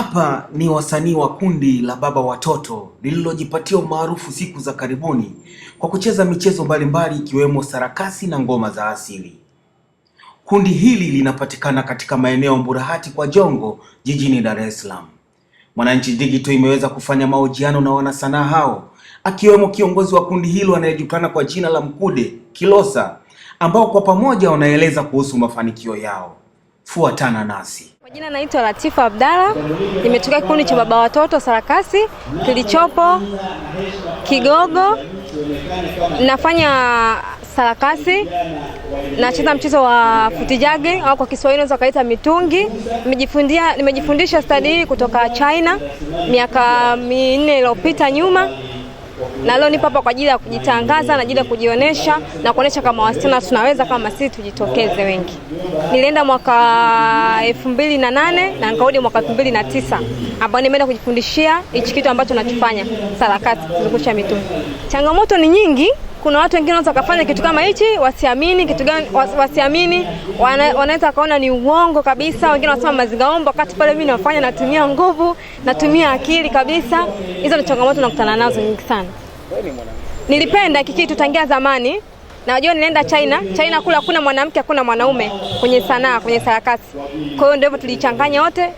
Hapa ni wasanii wa kundi la Baba Watoto lililojipatia umaarufu siku za karibuni kwa kucheza michezo mbalimbali ikiwemo sarakasi na ngoma za asili. Kundi hili linapatikana katika maeneo Mburahati kwa Jongo jijini Dar es Salaam. Mwananchi Digital imeweza kufanya mahojiano na wanasanaa hao akiwemo kiongozi wa kundi hilo anayejulikana kwa jina la Mkude Kilosa ambao kwa pamoja wanaeleza kuhusu mafanikio yao. Fuatana nasi. Kwa jina naitwa Latifa Abdalla, nimetokea kikundi cha baba watoto sarakasi kilichopo Kigogo. Nafanya sarakasi, nacheza mchezo wa futijage au kwa Kiswahili unaweza kaita mitungi. Nimejifundisha stadi hii kutoka China miaka minne iliyopita nyuma na leo nipo hapa kwa ajili ya kujitangaza na ajili ya kujionyesha na kuonyesha kama wasichana tunaweza, kama sisi tujitokeze wengi. Nilienda mwaka elfu mbili na nane na nikarudi mwaka elfu mbili na tisa ambao nimeenda kujifundishia hichi kitu ambacho nachofanya, sarakati kuzungusha mitume. Changamoto ni nyingi kuna watu wengine wanaweza wakafanya kitu kama hichi, wasiamini kitu gani, wasiamini, wanaweza wakaona ni uongo kabisa. Wengine wanasema mazingaomba, wakati pale mimi nafanya, natumia nguvu, natumia akili kabisa. Hizo ni changamoto nakutana nazo nyingi sana. Nilipenda hiki kitu tangia zamani. Najua nilienda China. China kule hakuna mwanamke, hakuna mwanaume kwenye sanaa, kwenye sarakasi. Kwa hiyo ndio tulichanganya wote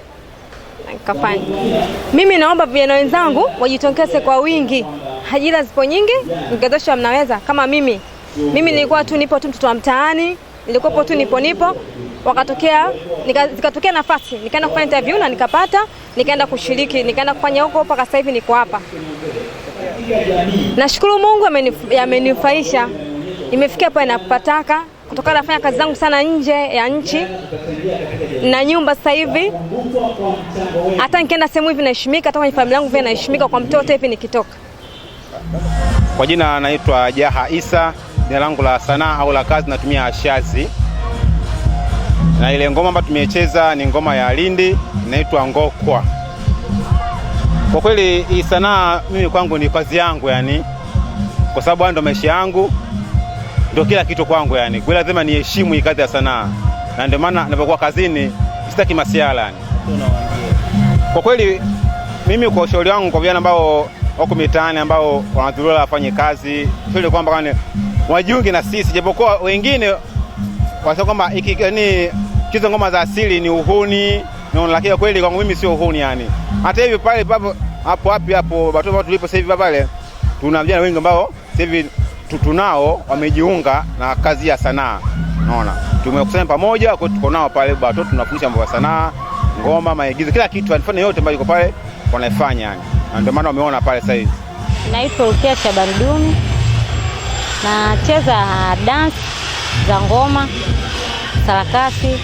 kafanya. Mimi naomba vijana wenzangu wajitokeze kwa wingi, ajira zipo nyingi, mkitosha mnaweza. Kama mimi mimi nilikuwa tu nipo tu mtoto wa mtaani, nilikuwa tu nipo nipo, wakatokea zikatokea nafasi, nikaenda kufanya interview na nikapata, nikaenda kushiriki, nikaenda kufanya huko, mpaka sasa hivi niko hapa. Nashukuru Mungu amenifaisha, nimefikia pale napataka kutokana nafanya kazi zangu sana nje ya nchi na nyumba sasa hivi, hata nikienda sehemu hivi naheshimika, hata kwenye familia yangu pia naheshimika, kwa mtoto hivi nikitoka. Kwa jina naitwa Jaha Isa, jina langu la sanaa au la kazi natumia ashazi, na ile ngoma ambayo tumecheza ni ngoma ya Lindi inaitwa Ngokwa. Kwa kweli hii sanaa mimi kwangu ni kazi yangu, yani kwa sababu ndio maisha yangu ndio kila kitu kwangu, yani kwa lazima niheshimu hii kazi ya sanaa, na ndio maana ninapokuwa kazini sitaki masiala yani. Kwa kweli mimi kwa ushauri wangu kwa vijana ambao wako mitaani ambao wanadhurura wafanye kazi, ushauri kwamba kwani wajiunge na sisi, japokuwa wengine wasema kwamba iki yani kizo ngoma za asili ni uhuni no, lakini kweli kwangu mimi sio uhuni yani. Hata hivi pale papo hapo hapo hapo watu tulipo sasa hivi pale tuna vijana wengi ambao sasa hivi tunao wamejiunga na kazi ya sanaa, naona tumekusanya pamoja, kwa tuko nao pale bado tunafundisha mambo ya sanaa, ngoma, maigizo, kila kitu, alifanya yote ambayo iko pale wanaifanya yani, na ndio maana wameona pale sasa hivi. Naitwa Rukia Shabani nacheza dance za ngoma, sarakasi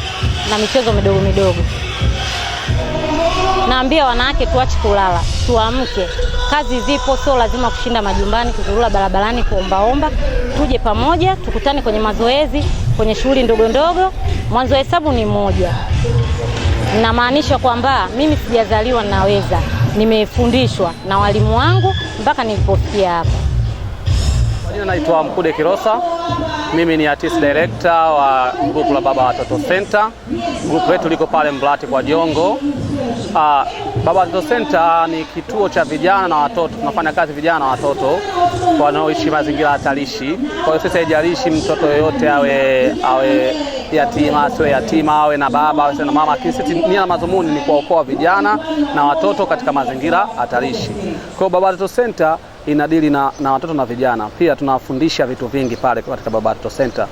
na michezo midogo midogo. Naambia wanawake tuache kulala, tuamke kazi zipo, sio lazima kushinda majumbani, kuzurura barabarani, kuombaomba. Tuje pamoja, tukutane kwenye mazoezi, kwenye shughuli ndogo ndogo. Mwanzo wa hesabu ni moja, namaanisha kwamba mimi sijazaliwa naweza, nimefundishwa na walimu wangu mpaka nilipofikia hapa. jina naitwa Mkude kirosa mimi ni artist director wa grupu la Baba Watoto Center. Grupu wetu liko pale Mblati kwa Jongo. Ah, Baba Watoto Center ni kituo cha vijana na watoto. Tunafanya kazi vijana na watoto wanaoishi mazingira hatarishi. Kwa hiyo sasa, haijalishi mtoto yoyote awe awe yatima asiwe yatima, awe na baba awe na mama, lakini sisi nia na madhumuni ni kuwaokoa vijana na watoto katika mazingira hatarishi. Kwa hiyo Baba Watoto Center inadili na, na watoto na vijana. Pia tunafundisha vitu vingi pale katika Baba Watoto Center.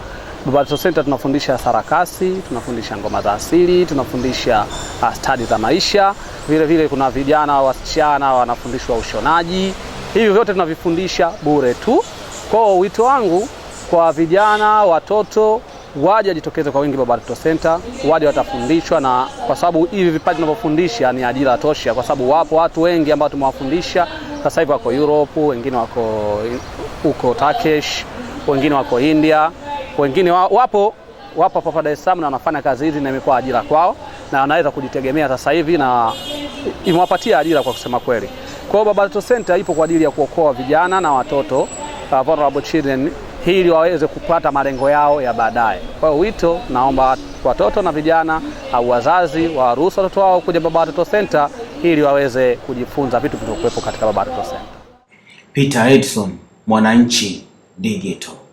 Babatto Center tunafundisha sarakasi, tunafundisha ngoma za asili, tunafundisha uh, stadi za maisha. Vile vile kuna vijana wasichana wanafundishwa ushonaji. Hivi vyote tunavifundisha bure tu. Kwa wito wangu kwa vijana, watoto waje wajitokeze kwa wingi Babatto Center, waje watafundishwa, na kwa sababu hivi vipaji tunavyofundisha ni ajira tosha, kwa sababu wapo watu wengi ambao tumewafundisha sasa hivi wako Europe, wengine wako eh, huko Turkish, wengine wako India wengine wapo wapo hapa Dar es Salaam na wanafanya kazi hizi na imekuwa ajira kwao na wanaweza kujitegemea sasa hivi na imewapatia ajira kwa kusema kweli. Kwa hiyo Baba Watoto Center ipo kwa ajili ya kuokoa vijana na watoto uh, vulnerable children ili waweze kupata malengo yao ya baadaye. Kwa hiyo wito, naomba watoto na vijana au wazazi waruhusu watoto wao kuja Baba Watoto Center ili waweze kujifunza vitu vilivyokuwepo katika Baba Watoto Center. Peter Edson, Mwananchi Digital.